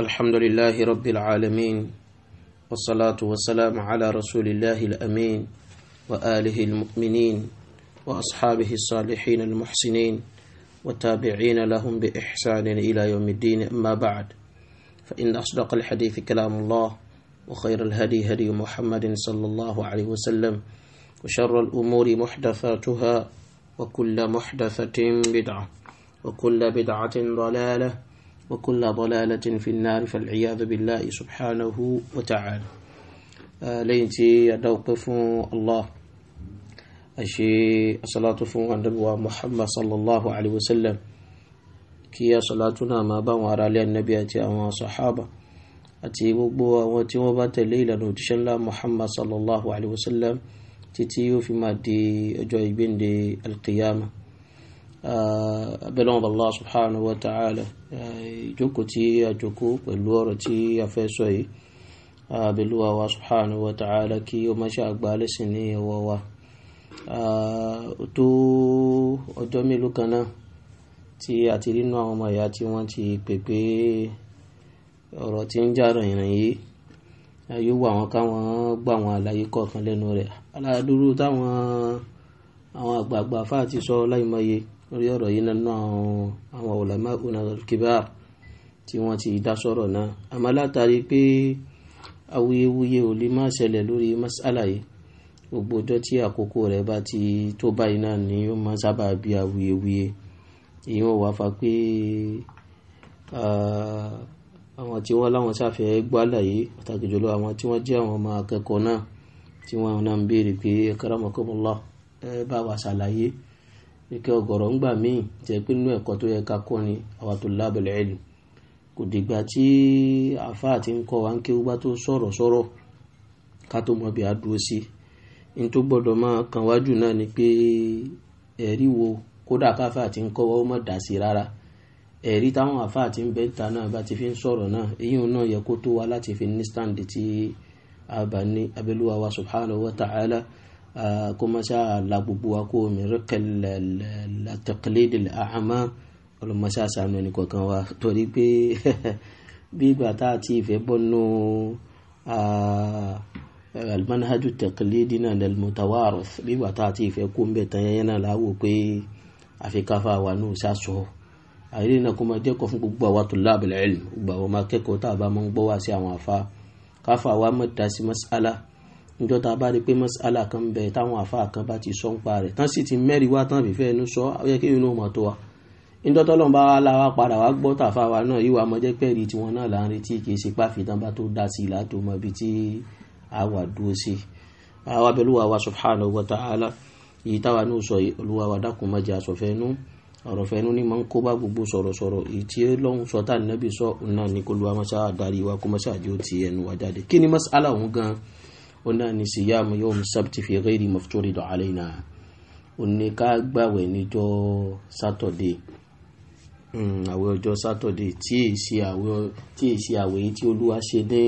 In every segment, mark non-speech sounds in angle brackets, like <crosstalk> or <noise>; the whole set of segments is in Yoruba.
الحمد لله رب العالمين والصلاة والسلام على رسول الله الأمين وآله المؤمنين وأصحابه الصالحين المحسنين والتابعين لهم بإحسان إلى يوم الدين أما بعد فإن أصدق الحديث كلام الله وخير الهدي هدي محمد صلى الله عليه وسلم وشر الأمور محدثاتها وكل محدثة بدعة وكل بدعة ضلالة وكل ضلالة في النار فالعياذ بالله سبحانه وتعالى آه، لينتي يدوقف الله أشي الصلاة فوق النبوة محمد صلى الله عليه وسلم كي صلاتنا ما بان وراء النبي أتي أو صحابة أتي وبوا وتي وبات ليلا لا محمد صلى الله عليه وسلم تتي فيما دي أجايبين دي القيامة آه، بلون الله سبحانه وتعالى Eh, ìjókòó tí a jókòó pẹ̀lú ọ̀rọ̀ tí a fẹ́ sọ yìí abẹ́lúwa wa subhanahu wa ta'ala kí o má ṣe àgbà lẹ́sìn ní ọwọ́ wa tó ọjọ́ mélòó kan náà tí a ti rínú àwọn ọmọ ìyá tí wọ́n ti pè pé ọ̀rọ̀ tí ń jà rìnrìn yìí yóò wà wọn káwọn gbà wọn àlàyé kọ̀ọ̀kan lẹ́nu rẹ̀ aládùúró táwọn àwọn àgbààgbà fáà ti sọ láìmọye. So, lórí ọ̀rọ̀ yìí nínú àwọn ulama kibar tí wọ́n ti dá sọ̀rọ̀ náà àmọ́ látàrí pé awuyewuye ò lè má ṣẹlẹ̀ lórí masala yìí gbogbo ọjọ́ tí àkókò rẹ̀ bá ti tó báyìí náà ni ó máa sábà bí awuyewuye èyí wọ́n wá fa pé àwọn tí wọ́n láwọn sáfẹ́ gbálà yìí pàtàkì jùlọ àwọn tí wọ́n jẹ́ àwọn ọmọ akẹ́kọ̀ọ́ náà tí wọ́n náà ń béèrè pé karamakumullah ẹ bá wa ṣàlàyé ike ọ̀gọ̀rọ̀ ńgbà míì jẹ́ pé nínú ẹ̀kọ́ tó yẹ ká kọ́ ni àwa tó lábẹlẹ ẹlù kò dìgbà tí àfa àti ńkọ́ wa ń kéwú bá tó sọ̀rọ̀ sọ̀rọ̀ ká tó mọ̀ bí a dúró sí n tó gbọ́dọ̀ máa kàn wájú náà ni pé ẹ̀rí wo kódà káfa àti ńkọ́ wa ó má dà rárá ẹ̀rí táwọn àfa àti ń bẹ́ńtà náà bá ti fi ń sọ̀rọ̀ náà èyí náà yẹ kó tó wa láti fi ní stand tí a bá wa subhanahu wa ta'ala kó mọ́ṣá la gbogbo wa kó mi rẹ́kẹ̀ látẹ̀kẹ́lẹ́ de àmọ́ ọlọ́mọṣá sànú ẹnì kọ̀ọ̀kan wa torí pé bí ìgbà tá a ti ìfẹ́ bọ́ nù almanhaju taqlidi náà del mutawarif bí ìgbà tá a ti ìfẹ́ kó ń bẹ̀ tán yẹn náà láwò pé àfi káfa wa nù sásọ àìrí náà kó máa jẹ́kọ̀ọ́ fún gbogbo àwa tulab al-ilm gbogbo àwọn ọmọ akẹ́kọ̀ọ́ tá a bá máa ń gbọ́ wá sí àwọn àfa káfa wa mọ̀ dá sí mas'ala níjọ́ tá a bá rí i pé mọ́sálà kan ń bẹ táwọn àfa kan bá ti sọ ń pa rẹ̀ tán sì ti mẹ́rin wá tán fífẹ́ ẹnu sọ ó yẹ kí inú mọ̀ tó wa níjọ́ tọ́lọ́n bá wa la wa padà wá gbọ́ tàfa wa náà yíwa mọ́jẹ́ pẹ́ẹ́rì tiwọn náà là ń kì í ṣe páfi tán bá tó dá sí i látò mọ́ ibi tí a wà dúró sí i àwa bẹ̀rù wa wa subhanahu wa ta'ala yìí táwa ní sọ olúwa wa dákun má jẹ́ àsọ̀fẹ́nu ọ̀rọ̀fẹ́nu ni máa ń kó bá gbogbo sọ̀rọ̀sọ̀rọ̀ èyí tí lọ́hùn sọ tá nínú bí sọ òun náà ní kó lu ó náà ní siyamu yawm sabti fi ghairi mafturidi alayna ó ní ká gbàwẹ̀ níjọ́ sátọ̀dé hmm, àwẹ̀ ọjọ́ sátọ̀dé tí èsì àwẹ̀ tí olúwa ṣe ní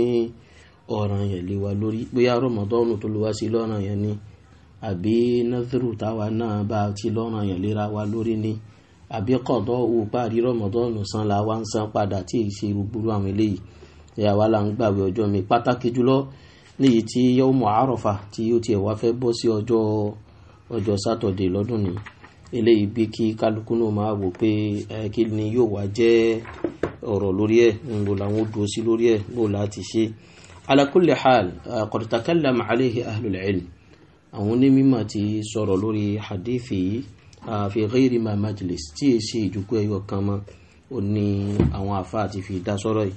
ọ̀ràn yẹn lé wa lórí bóyá rọmọdọ́nù tó lè wá sí lọ́ràn yẹn ni àbí nàdúrù táwa náà bá ti lọ́ràn yẹn léra wa lórí ni àbí kọ̀dọ̀ owó parí rọmọdọ́nù san la wá ń san padà tí èsì rúgbúrú àwọn eléyìí ìyá wa là ń gbàwé ọjọ́ mi pàtàkì jùlọ léyìí tí yawmu àròfà tí yóò tiẹ̀ wá fẹ́ bọ́ sí ọjọ́ ọjọ́ sátọ̀dé lọ́dún ni eléyìí bí kí kálukú náà máa wò pé kí ni yóò wá jẹ́ ọ̀rọ̀ lórí ẹ̀ níbo làwọn dúró sí lórí ẹ̀ bó láti ṣe. ala kulli hal qad takallama alayhi ahlul ilm àwọn onímọ̀ ti sọ̀rọ̀ lórí hadithi fi ghairi ma majlis tí èsì ìjókòó ẹ̀yọ̀ kan mọ́ ó ní àwọn àfa àti fi dá sọ́rọ̀ yìí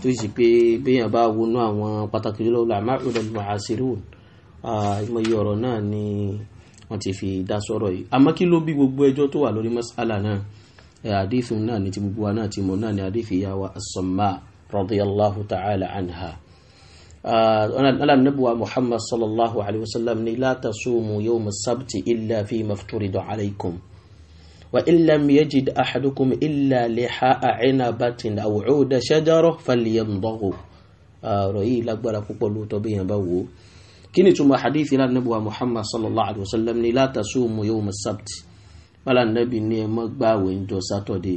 tó sì pé béèyàn bá wọnú àwọn pàtàkì jùlọ làmá ìrọ̀lẹ́ màásírù ìmọ̀ye ọ̀rọ̀ náà ni wọ́n ti fi dá sọ̀rọ̀ yìí àmọ́ kí ló bí gbogbo ẹjọ́ tó wà lórí mas'ala náà àdífin náà ni ti gbogbo wa náà ti mọ̀ náà ni àdífin yà wá as-Samma radiyallahu ta'ala anha alanabuwa Muhammad sallallahu alaihi wasallam ni la tasumu yawm as-sabti illa fi mafturidu alaikum wa illam yajid ahadukum illa liha'a inabatin aw 'uda shajara falyamdaghu ah, ọ̀rọ̀ yìí lágbára púpọ̀ lóòótọ́ bí yẹn bá wò ó kí ni túmọ̀ hadithi láti nàbí wa muhammad sallallahu alayhi wa sallam ni la tasumu yawm as-sabt bala nàbí ni ẹ má gbààwẹ̀ ńjọ́ sátọ̀dé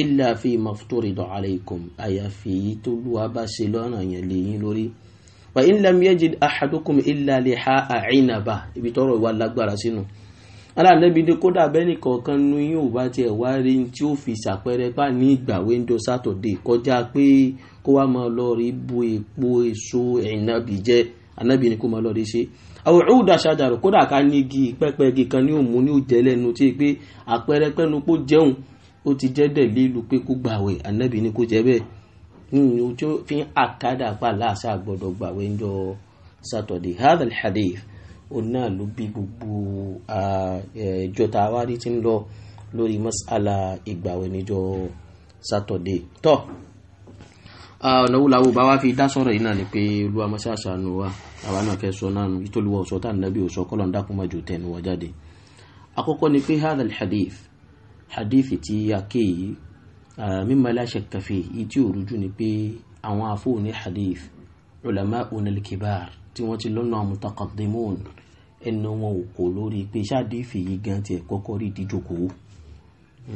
illa fi mafturidu alaykum àyàfi yìí tó lù wá bá ṣe lọ́nà yẹn lẹ́yìn lórí wa in lam yajid ahadukum illa liha'a inaba ibi tọ́rọ̀ wà lágbára sínú. Si aláàlẹ́bi ni kódà bẹ́ẹ̀ni kọ̀ọ̀kan nu yín ò bá tiẹ̀ wá rí ní tí ó fi ṣàpẹẹrẹ bá ní ìgbà wíńdò sátọ̀dé kọjá pé kó wá máa lọ rí bu epo èso ìnàbì jẹ ànábì ni kó máa lọ rí ṣe. àwọn òun dàṣà dàrú kódà ká ní igi pẹ́pẹ́ igi kan ní òmù ní òjẹ́ lẹ́nu tí pé àpẹẹrẹ pẹ́nu kó jẹun ó ti jẹ́ dẹ̀ lílu pé kó gbàwẹ̀ ànábì ni kó jẹ bẹ́ẹ̀ òun náà ló bí gbogbo ẹjọ́ tá a wá rí ti ń lọ lórí masala ìgbàwẹ̀ níjọ́ sátọ̀dé tọ́ ọ̀nà wo làwọn bá wá fi dá sọ̀rọ̀ yìí náà ni pé olúwa mọ́ṣẹ́ àṣàánú wa àwa náà kẹ́ sọ náà nù ìtòlúwa ọ̀sọ́ tá nàbí ọ̀sọ́ kọ́lọ̀ ń dákun mọ́jọ tẹnu wa jáde àkọ́kọ́ ni pé hadha alhadith hadith ti ake yìí mimma la shakka fi yìí ni pé àwọn afọ́ òní hadith ulama onil kibar tí wọ́n ti lọ́nà mutaqaddimun ẹnu wọn ò kò lórí pé ṣáàdì ìfèyí gan tiẹ̀ kọ́kọ́ rí ìdíjokòó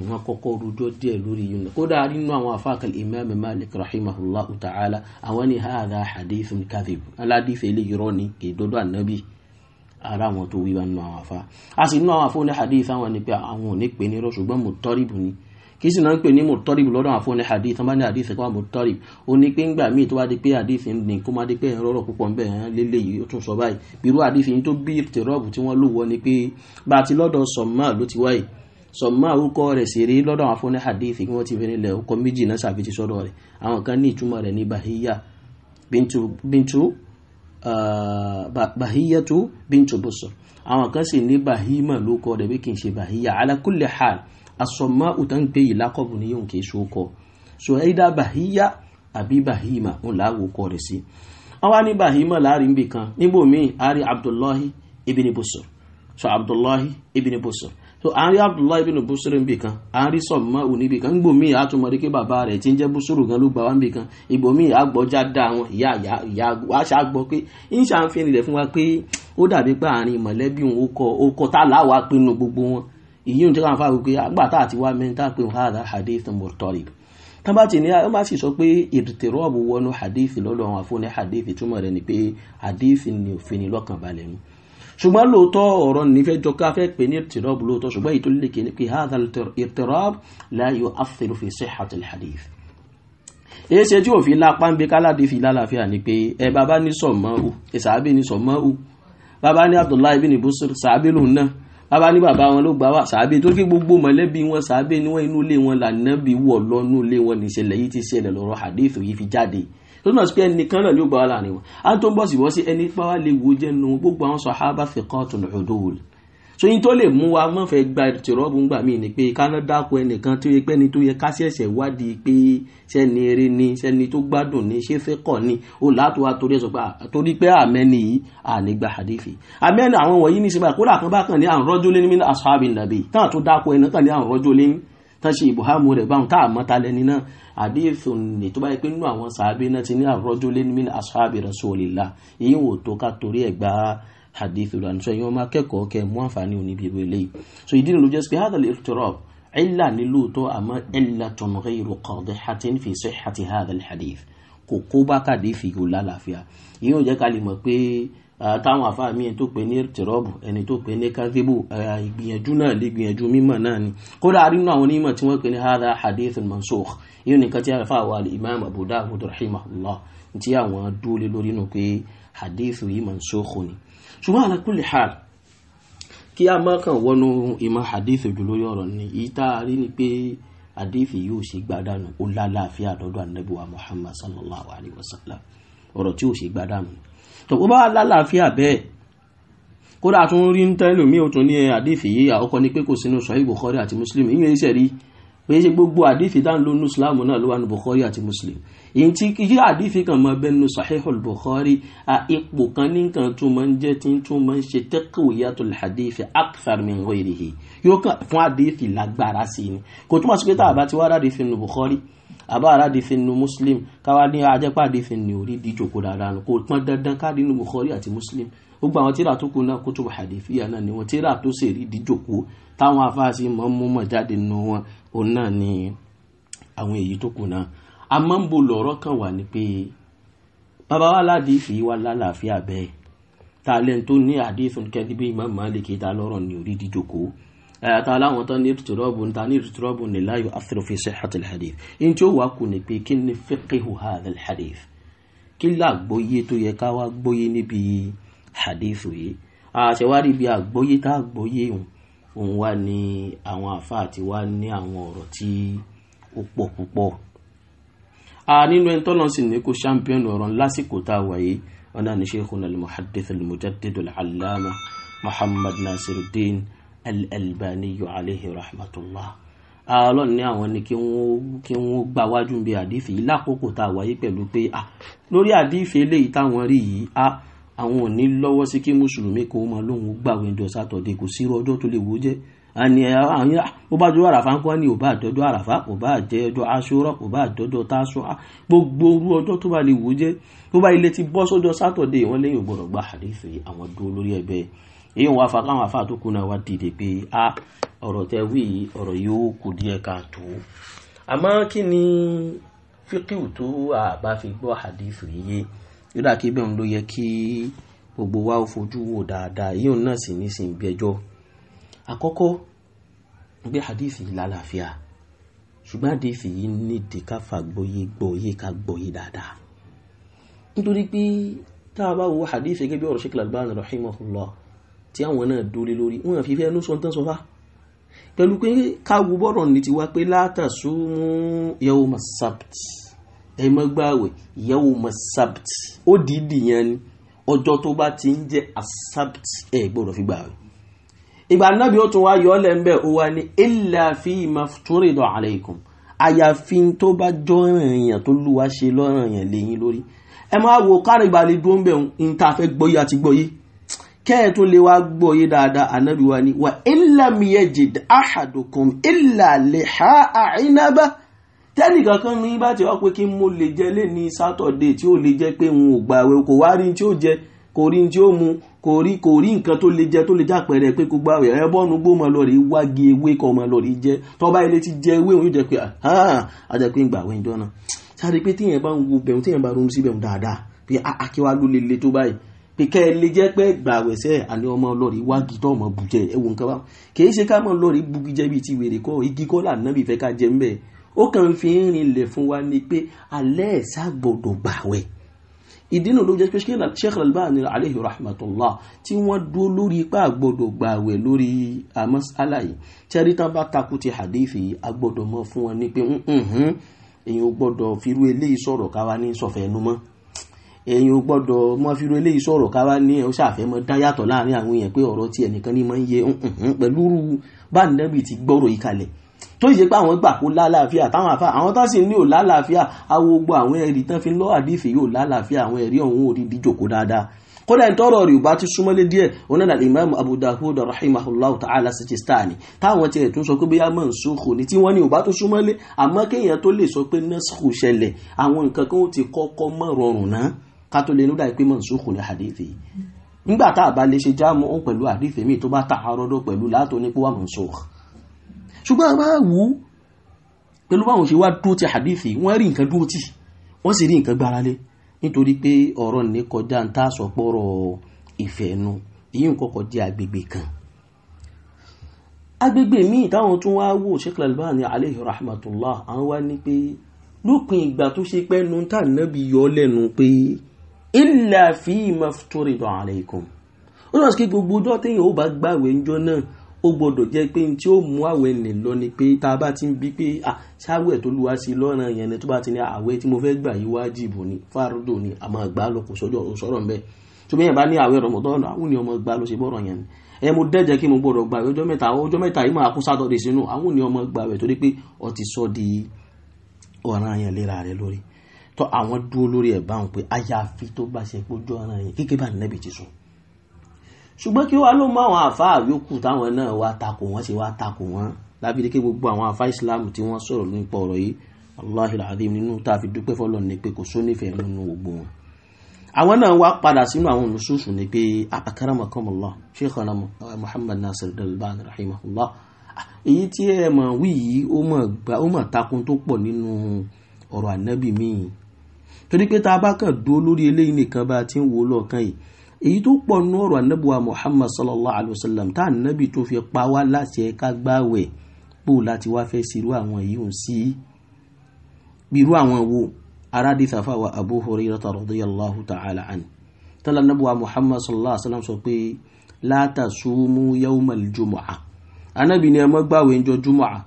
wọn kọ́kọ́ rújọ́ díẹ̀ lórí yìí kódà nínú àwọn afáàkàn imam malik rahimahullah ta'ala àwọn ni haadha hadithun kadhib aládìfẹ́ ilé yọrọ ni kì í dọ́dọ̀ ànábì ara àwọn tó wíwá nínú àwọn afá a sì nínú àwọn afọ́ ní hadith àwọn ni pé àwọn ò ní pè ní rọ ṣùgbọ́n mutaribu ni kì í sì náà ń pè ní mọ̀tọ́rìbù lọ́dọ̀ àwọn afọ́ni hadith wọ́n bá ní hadith kọ́ mọ̀tọ́rìbù ó ní pé ńgbà míì tó bá di pé hadith ní kó má di pé ẹ̀rọ ọ̀rọ̀ púpọ̀ ńbẹ̀ ẹ̀ lélẹ̀ yìí ó tún sọ báyìí irú hadith yìí tó bí tìrọ́ọ̀bù tí wọ́n lò wọ́ ni pé bá a ti lọ́dọ̀ sọ̀mọ́ ló ti wáyìí sọ̀mọ́ àwùkọ rẹ̀ sì rí lọ́dọ̀ àwọn afọ́ni hadith kí ti fi asọ̀mọ́ òtán ń pè yìí ní yóò kì í so kọ so ẹ̀dá bàhíyá àbí bàhímà ń láwò kọ rẹ̀ sí. wọ́n wá ní bàhímà láàrin ibì kan níbo míì àárí abdullahi ibn busr so abdullahi ibn busr so àárí abdullahi ibn busr níbì kan àárí sọ̀mọ́ oníbì kan níbo míì àtúmọ̀dé pé bàbá rẹ̀ ti ń jẹ́ busr gan ló gbà wá níbì kan ìbò míì àgbọ̀já dá wọn ìyá ìyá àṣà gbọ́ pé ìṣàǹfihàn rẹ̀ fún wa pé ó dàbí pé àárín mọ̀lẹ́bí òun ó kọ tá láwàá pinnu gbogbo wọn èyí ò ń tẹ́ka àfa wípé àgbà ah, tá àti wá mẹ́ta pé wọ́n hàdá hadith murtarib tán bá ti ní àwọn máa sì sọ pé ìdìtẹ̀rọ̀bù wọnú hadith lọ́dọ̀ àwọn afọ́nẹ́ hadith túmọ̀ rẹ̀ ni pé hadith ni òfin ni lọ́kàn balẹ̀ mu ṣùgbọ́n lóòótọ́ ọ̀rọ̀ nífẹ̀ẹ́ jọ ká fẹ́ pè ní ìdìtẹ̀rọ̀bù lóòótọ́ ṣùgbọ́n èyí tó lè kéde pé hàdà ìdìtẹ̀rọ̀bù la yu'athiru fi sihhatil hadith èéṣe tí òfin lápá ń gbé káládé fi lálàáfíà ni pé ẹ bàbá ní sọ̀mọ́ ò bàbá ní bàbá wọn ló gbà wá sàábé torí pé gbogbo mọ̀lẹ́bí wọn sàábé ni wọ́n inú ilé wọn lànàbí wọ̀ lọ́nú ilé wọn nìṣẹ̀lẹ̀ yìí ti ṣẹlẹ̀ lọ́rọ̀ hadith yìí fi jáde tó túmọ̀ sí pé ẹnìkan náà ló gbà wá láàrin wọn á tó ń bọ̀ sí wọ́n sí ẹni pàwá wo jẹ́ gbogbo àwọn sàhábà thiqatul udul so yín tó lè mú wa mọ̀ fẹ́ gba tìrọ́bù ńgbà míì ni pé ká lọ́ dákun ẹnìkan tó yẹ pé ẹni tó yẹ ká ṣẹ̀ṣẹ̀ wádìí pé sẹ́ni eré ni sẹ́ni tó gbádùn ni ṣé fẹ́ kọ̀ ni ó láti wá torí ẹ̀sọ́ pé torí pé àmẹ́ni yìí ànígbà àdéfì àmẹ́ni àwọn wọ̀nyí ní sinmi àkúrà kan bá kàn ní àrùn rọ́jò lẹ́ni nínú aṣáàbì nàbì táwọn tó dákun ẹni kàn ní àrùn rọ́jò lẹ́ni tán ṣe ìbùhámu rẹ̀ báwọn tá àmọ́ta lẹ́ni náà àdéhùn ní tó bá pé nínú àwọn sàábì náà ti ní àrùn rọ́jò lẹ́ni nínú aṣáàbì rasulillah èyí wò tó ká torí ẹ̀ gbàá hadithu lanu so ẹ̀yin ọmọ akẹ́kọ̀ọ́ kẹ́ mú àǹfààní òní bíbí eléyìí so ìdí nìlú jẹ́ pé hadha al-iqtirab illa ni lóòótọ́ àmọ́ illatun ghayru qadihatin fi sihhati hadha al-hadith kò kó bá kàdífì yóò lálàáfíà ìyẹn ò jẹ́ ká lè mọ̀ pé táwọn àfáà mi tó pè ní tìrọ́bù ẹni tó pè ní kadhibu ìgbìyànjú náà lè gbìyànjú mímọ̀ náà ni kódà àrínú àwọn onímọ̀ tí wọ́n pè ní hadha hadith mansukh yìí nìkan tí àfáà wa imam abu dawud rahimahullah tí àwọn dúró lé lórí nù pé hadith yìí mansukh ni ṣùgbọ́n ala kulli hal kí a máa kàn wọnú ìmọ̀ hadith ojúlóyọ̀ ọ̀rọ̀ ni èyí tá a rí ni pé hadith yóò ṣe gbádànù ó lálàáfíà lọ́dọ̀ ànábì Muhammad sallallahu alayhi wa sallam ọ̀rọ̀ tí ó ṣe gbádànù tó bó bá lálàáfíà bẹ́ẹ̀ kódà tún rí ń tẹ́lùmí ó tún ní hadith yìí àkọ́kọ́ ni pé kò sínú Sahih Bukhari àti Muslim ìyẹn iṣẹ́ rí pé ṣe gbogbo àdìfì tá ń lo nù islam náà ló wà ní bukhari àti muslim èyí tí yí àdìfì kan máa bẹ nù sahihul bukhari a ipò kan ní nǹkan tó máa ń jẹ tí tó máa ń ṣe taqwiyatul hadith akthar min ghayrihi yóò kàn fún àdìfì lágbára sí ni kò túmọ̀ sí pé tá a bá ti wá àdìfì nù bukhari àbá àràdìfin nu muslim káwá ní ajẹ́pá àdìfin ní orí ìdíjòkó dáadáa nù kò pọn dandan káàdì nu bukhari àti muslim gbogbo àwọn tíra tó kù náà kó tó wà hadifiya náà ni wọn tíra tó sì rí ìdíjòkó táwọn afáàsì mọ́ mú mọ̀ jáde nu wọn òun náà ni àwọn èyí tó kù náà àmọ́ ń bo lọ́rọ́ kan wà ní pé bàbá wa ládìfì wa lálàáfíà bẹ́ẹ̀ tá a lẹ́nu tó ní àdìfin kẹ́díbí Imam Malik àtàlà eh, àwọn tán ní ìtúrọ́bù ta ní ìtúrọ́bù ní láyò afẹ́rọ̀fẹ́ sihhat al-hadith in tí ó wà kù ní pé kí ni fiqhu hadha al-hadith kí làgbóyé tó yẹ ká wá gbóyé níbi hadith yìí àṣewárí bí àgbóyé tá àgbóyé òun wá ní àwọn àfa àti wá ní àwọn ọ̀rọ̀ tí ó pọ̀ púpọ̀ nínú ẹni tọ́lọ́ sì ní kó ṣàmpíọ̀nù ọ̀rọ̀ lásìkò tá a wà ọ̀nà ní sheikhuna al-muhaddith al muhammad nasiruddin al-Albani alayhi rahmatullah ah, ọlọ́run ní àwọn ni kí wọ́n gba wájú bí àdífì yìí lákòókò tá a wáyé pẹ̀lú pé lórí àdífì eléyìí táwọn rí yìí àwọn ò ní lọ́wọ́ sí kí mùsùlùmí kó máa lóun gbàwé ọjọ́ sátọ̀dé kò sí ọjọ́ tó lè wó jẹ́ àní àwọn ó bá dúró àràfà ń kọ́ ni ò bá àjọjọ́ àràfà kò bá jẹ́ ọjọ́ aṣọ́rọ̀ kò bá àjọjọ́ táṣọ́ gbogbo orú ọjọ́ tó bá lè wó jẹ́ tó bá ilé ti bọ́ sọ́jọ́ sátọ̀dé wọn lẹ́yìn ògbọ̀rọ̀ gba àdífì àwọn dúró lórí ẹ̀bẹ̀ èyí wà fà káwọn afá tó kuna wa dìde pé a ọ̀rọ̀ tẹ wí ọ̀rọ̀ yóò kù díẹ̀ ká tó àmọ́ kí ni fíkìú tó àbá fi gbọ́ hadith rí yé yóò dà kí bẹ́ẹ̀ ló yẹ kí gbogbo wa ó fojú wò dáadáa yóò náà sì ní sin bí ẹjọ́ àkọ́kọ́ gbé hadith yìí lálàáfíà ṣùgbọ́n hadith yìí nídìí ká fàgbọ́yé gbọ́yé ká gbọ́yé dáadáa nítorí pé tá a bá wo hadith gẹ́gẹ́ bí ọ̀rọ̀ Sheikh Al-Albani rahimahullah tí àwọn náà dólé lórí wọn fi fẹ́ ẹnu sọ tán sọ fá pẹ̀lú pé káwo bọ́rọ̀ ní ti wá pé látàṣú mú yawma sabt ẹ má gbààwẹ̀ yawma sabt ó dìídì yẹn ni ọjọ́ tó bá ti ń jẹ́ asabt ẹ gbọ́dọ̀ fi gbààwẹ̀ ìgbà náàbí ó tún wá yọ ọ́lẹ̀ ń bẹ̀ ó wá ní illa fi mafturidu alaykum àyàfi tó bá jọ́ràn èèyàn tó lúwa ṣe lọ́ràn èèyàn lẹ́yìn lórí ẹ máa wo kárìgbà lè dúró ń ń ta fẹ́ gbọ́yé àti gbọ́yé kẹ́ẹ̀ tó lè wá gbọ́ yé dáadáa ànábì wa ni wa illam yajid ahadukum illa liha àìnábà tẹ́nìkan kan ní bá ti wá pé kí mo lè jẹ lé ní sátọ̀dé tí ó lè jẹ́ pé n ò gbàwẹ̀ kò wá rí tí ó jẹ kò rí tí ó mu kò rí kò rí nǹkan tó lè jẹ tó lè jápẹ̀rẹ̀ pé kó gbàwẹ̀ ẹ bọ́ọ̀nù gbó ọmọ lọ́ọ̀rì wági ewé kan ọmọ lọ́ọ̀rì jẹ tọ́ba ilé ti jẹ ewé òun yóò jẹ pé àjẹ pé ń gbàwẹ̀ ìjọ náà sáré pé téèyàn bá ń wo bẹ̀rù téèyàn bá ronú sí dáadáa pé akíwá lè le tó báyìí pé kẹ́ ẹ lè jẹ́ pé gbàwẹ̀ sẹ́ àní ọmọ lọ́ọ̀rì wági tó ọmọ bùjẹ ẹ̀wọ̀n nǹkan bá kì í ṣe ká mọ̀ lọ́ọ̀rì bugi jẹ́ bíi ti wèrè kọ́ igi kọ́ lànà bí fẹ́ ká jẹ ń bẹ̀ ó kàn fi ń rinlẹ̀ fún wa ni pé alẹ́ ẹ̀ gbọ́dọ̀ gbàwẹ̀ ìdínà ló jẹ́ pé Sheikh Al-Albani alayhi rahmatullah tí wọ́n dúró lórí ipá àgbọ̀dọ̀ gbàwẹ̀ lórí mas'ala yìí tẹ́rí tán bá takú ti hadith yìí agbọ́dọ̀ mọ́ fún wọn ni pé èèyàn gbọ́dọ̀ firú eléyìí sọ̀rọ̀ káwa ní sọ̀fẹ́ ẹnu mọ́ ẹ̀yin ò gbọ́dọ̀ mọ fíró eléyìí sọ̀rọ̀ ká wá ní ẹ̀ ó ṣàfẹ́ mọ dá yàtọ̀ láàrin àwọn èèyàn pé ọ̀rọ̀ tí ẹnìkan ní mọ ń yẹ pẹ̀lú bá nẹ́bì ti gbọ́rọ̀ yìí kalẹ̀ tó ṣe pé àwọn gbà kó lálàáfíà táwọn àfa àwọn tó sì ní ò lálàáfíà awo gbogbo àwọn ẹ̀rí tán fi ń lọ́ yóò lálàáfíà àwọn ẹ̀rí ọ̀hún òdi díjòkó dáadáa kódà ìtọ́rọ̀ rí bá ti súnmọ́lé díẹ̀ onáda imam abu dawud rahimahullahu ta'ala sijistani táwọn tiẹ̀ tún sọ pé bí yàmọ̀ nsúkò ní tí wọ́n ní ò bá tó súnmọ́lé àmọ́ kéèyàn tó lè sọ pé nọ́ọ̀sì ṣẹlẹ̀ àwọn nǹkan kan ó ti kọ́kọ́ mọ́ rọrùn náà ká tó lè lódà pé mọ̀nsúkù ní hadithi nígbà tá a bá lè ṣe jáàmù ó pẹ̀lú hadithi mi tó bá ta àrọ́dọ̀ pẹ̀lú látò ní pọ́wà mọ̀nsúkù ṣùgbọ́n a máa wú pẹ̀lú báwọn ṣe wá dúró ti hadithi wọ́n rí nǹkan dúró tì wọ́n sì rí nǹkan gbáralé nítorí pé ọ̀rọ̀ ní kọjá ń tá sọpọ́rọ̀ ìfẹ́nu èyí ń kọ́kọ́ jẹ́ agbègbè kan agbègbè míì táwọn tún wá wò Sheikh Al-Albani alayhi rahmatullah àwọn wá ní pé lópin ìgbà tó ṣe pẹ́nu tá nábì yọ lẹ́nu pé illa fi mafturidu alaykum ó lọ́wọ́ sí pé gbogbo ọjọ́ téèyàn ó bá gbàwẹ̀ ńjọ́ náà ó gbọ́dọ̀ jẹ́ pé tí ó mú àwẹ̀ nì lọ ni pé tá a bá ti ń bí pé à ṣáwẹ̀ tó lùwá sí lọ́ràn yẹn ni tó bá ti ní àwẹ̀ tí mo fẹ́ gbà yí wájìbù ni fárúdò ni àmọ́ àgbà lọ kò sọ́jọ́ òṣọ́rọ̀ ń bẹ́ẹ̀ tó bẹ́ẹ̀ bá ní àwẹ̀ rọ̀mọ̀tọ́nà àwọn ènìyàn ọmọ gbà ló ṣe bọ́rọ̀ tọ́ àwọn dúró lórí ẹ̀ báwọn pé àyàfi tó bá ṣe pójú ọ̀ràn yẹn kíkẹ́ bá nẹ́bì ti sùn ṣùgbọ́n kí wá ló mọ àwọn àfáà yòókù táwọn náà wá takò wọ́n ṣe wá takò wọ́n lábídé kí gbogbo àwọn àfáà ìsìláàmù tí wọ́n sọ̀rọ̀ nípa ọ̀rọ̀ yìí Allahul Azim nínú tá a fi dúpẹ́ fọlọ́ ni pé kò sónífẹ̀ẹ́ nínú gbogbo wọn. àwọn náà wá padà sínú àwọn olùsùsù ni pé ah, akaramakumullah Sheikhana Muhammad Nasir Al-Albani rahimahullah ah, èyí tí ẹ mọ̀ wí yìí ó mọ̀ takun tó pọ̀ torí pé tá a bá kàn dúró lórí eléyìí nìkan bá a ti ń wò lọ́ọ̀kan yìí èyí tó pọ̀ nú ọ̀rọ̀ anábùwà muhammad sallallahu alayhi wa sallam tá ànábì tó fi pa wá láti ẹ̀ka gbáwẹ̀ pò láti wá fẹ́ sírú àwọn yìí ò sí irú àwọn wo aráàdì sàfàwà abu hurairah radiyallahu ta'ala an tala anábùwà muhammad sallallahu alayhi wa sallam sọ pé la tasumu yawmal jumu'ah anábì ni ẹ má gbáwẹ̀ ńjọ́ jumu'ah